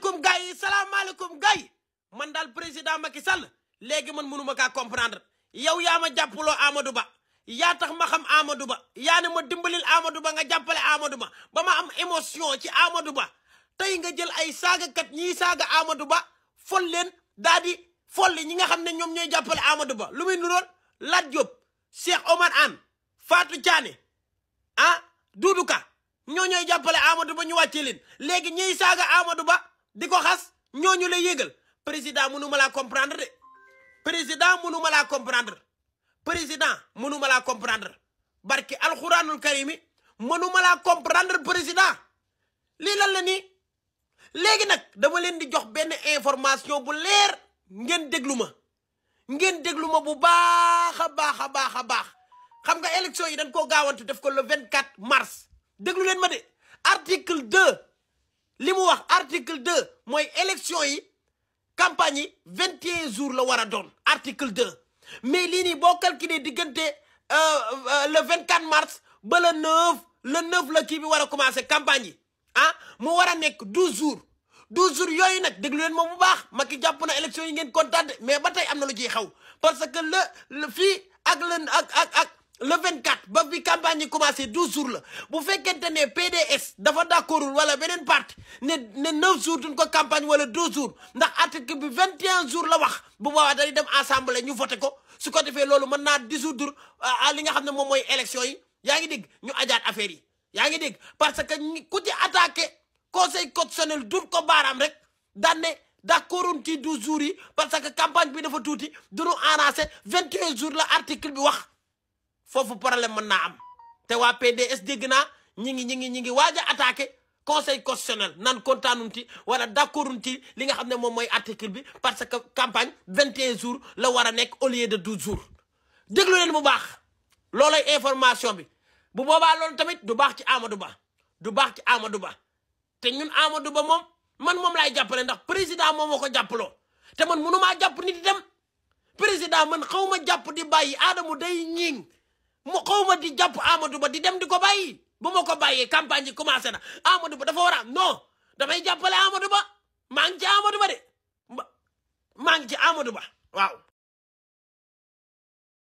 salaamaaleykum gars yi salaamaaleykum gars yi man daal président Macky Sall léegi man mënuma kaa comprendre yow yaa ma jàppaloo Amadou Ba yaa tax ma xam Amadou Ba yaa ne ma dimbalil Amadou Ba nga jàppale Amadou Ba ba ma am émotion ci Amadou Ba tey nga jël ay saagakat ñiy saaga Amadou Ba fol leen daa di folli ñi nga xam ne ñoom ñooy jàppale Amadou Ba lu muy nuroon Lat Diop Cheikh Omar Anne Fatou Thiané ah Doudou Ka ñoo ñooy jàppale Amadou Ba ñu wàccee leen léegi ñiy saaga Amadou Ba di ko xas ñooñu la yégal président mënu ma laa comprendre de président mënu ma laa comprendre président mënu ma laa comprendre barki alxuraanul karimi mënu ma laa comprendre président lii lan la nii léegi nag dama leen di jox benn information bu leer ngeen déglu ma ngeen déglu ma bu baax a baax a baax a baax xam nga élection yi dañ koo gaawantu def ko le 24 mars déglu leen ma de article 2 li mu wax article deux mooy élection yi campagne vingt et jours la war a doon article deux mais lii nii boo calculer diggante euh, euh, le vingt quatre mars ba le neuf le neuf la kii bi war a commencé campagne yi ah mu war a nekk douze jours douze jours yooyu nag déglu leen mu bu baax Macky jàpp na élection yi ngeen kontaan mais ba tey am na lu ciy xaw parce que le fii ak len ak ak ak le 24 ba bi campagne yi commencé 12 jours la bu fekkente ne PDS dafa d'accordul wala beneen parti ne ne 9 jours duñ ko campagne wala 12 jours ndax article bi 21 jours la wax bu boobaa dañuy dem assemblée ñu voté ko su ko defee loolu mën naa dissoudre euh, li nga xam ne moom mooy élection yi yaa ngi dégg ñu ajaat affaire yi. yaa ngi dégg parce que ku ci attaqué conseil constitutionnel dur ko baaraam rek daan ne d'accordul ci 12 jours yi parce que campagne bi dafa tuuti du ñu arrangé 21 jours la article bi wax. foofu problème mën naa am te waa PDS dégg naa ñi ngi ñi ngi ñi ngi waaj a attaqué conseil constitutionnel nan kontaanun ci wala d'accordun ci li nga xam ne moom mooy article bi parce que campagne vingt 21 jours la war a nekk au lieu de 12 jours déglu leen bu baax loolay information bi bu boobaa loolu tamit du baax ci Amadou Ba du baax ci Amadou Ba te ñun Amadou Ba moom man moom laay jàppale ndax président moom moo ko jàppaloo te man mënumaa jàpp nit di dem président man xaw ma jàpp di bàyyi aadamu day ñiing mu xaw ma di jàpp Amadou Ba di dem di ko bàyyi bu ma ko bàyyee campagne yi commencé na Amadou Ba dafa war a non damay jàppale Amadou Ba maa ngi ci Amadou Ba de maa ngi ci Amadou Ba waaw